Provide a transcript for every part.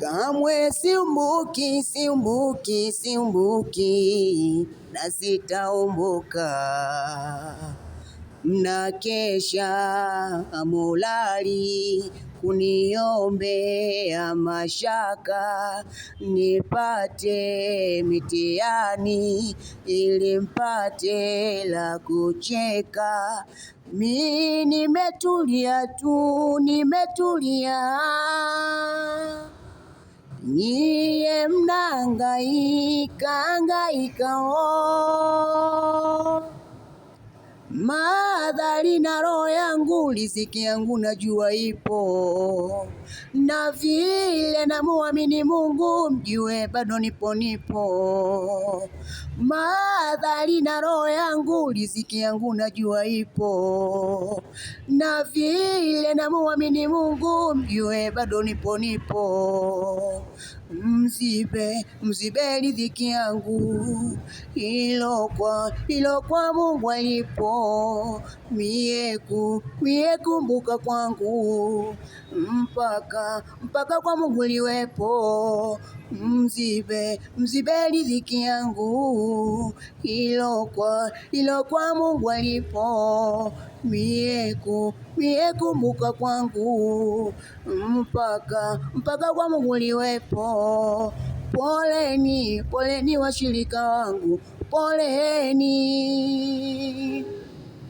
Kamwe siumbuki, siumbuki, siumbuki na sitaumbuka. Mnakesha mulali kuniombea mashaka, nipate mitihani ili mpate la kucheka. Mi nimetulia tu, nimetulia niye mnanga hangaika oh, madhali na roho yangu, riziki yangu jua ipo na vile namuamini Mungu, mjue bado nipo nipo, madhali na roho yangu, riziki yangu najua ipo. Na vile namuamini Mungu, mjue bado nipo nipo, mzibe mzibe riziki yangu, ilo kwa ilo kwa Mungu alipo, mieku mieku mbuka kwangu mpaka mpaka kwa Mungu liwepo. Mzibe mzibe riziki yangu, ilokwa kwa kwa Mungu alipo. Mieku miekumbuka kwangu, mpaka mpaka kwa Mungu liwepo. Poleni poleni washirika wangu, poleni.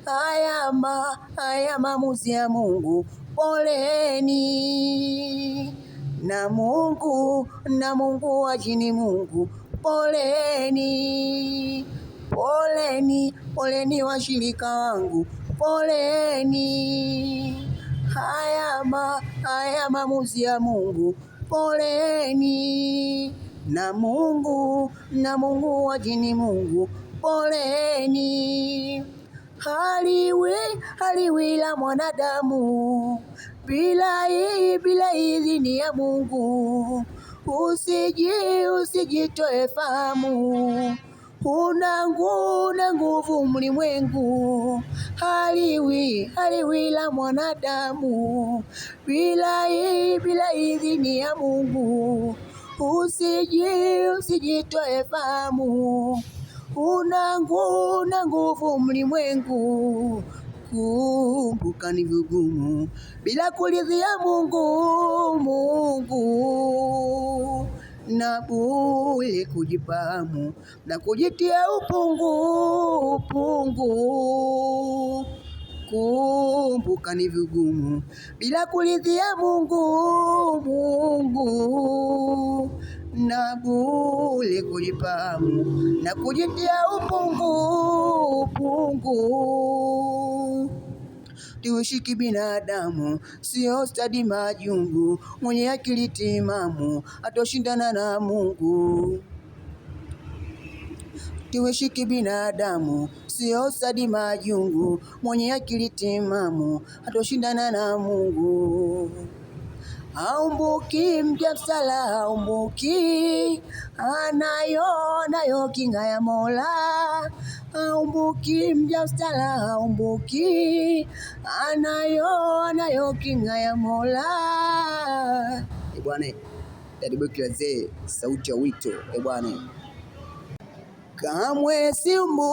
Haya ma haya maamuzi ya Mungu poleni na Mungu na Mungu wa Mungu poleni poleni poleni washirika wangu poleni haya ma haya maamuzi ya Mungu poleni na Mungu na Mungu wa Mungu poleni haliwi haliwi la mwanadamu bila hii bila idhini ya Mungu. Usiji usijitoe fahamu, una nguvu na nguvu mlimwengu, haliwi haliwi la mwanadamu bila hii bila idhini ya Mungu. Usiji usijitoe fahamu unangu na nguvu mlimwengu kukumbuka ni vigumu bila kulidhia Mungu, Mungu na bule kujipamu na kujitia upungu, upungu kumbuka ni vigumu bila kulidhia Mungu, Mungu na bule kujipamu na kujitia upungu upungu. Tuishiki binadamu sio stadi majungu, mwenye akili timamu atoshindana na Mungu. Tuishiki binadamu sio stadi majungu, mwenye akili timamu atoshindana na Mungu aumbuki mja msala aumbuki anayo nayo kinga ya Mola. aumbuki mja msala aumbuki anayo nayo kinga ya Mola. E bwana, Daddy wazee, sauti ya wito. E bwana, kamwe simbu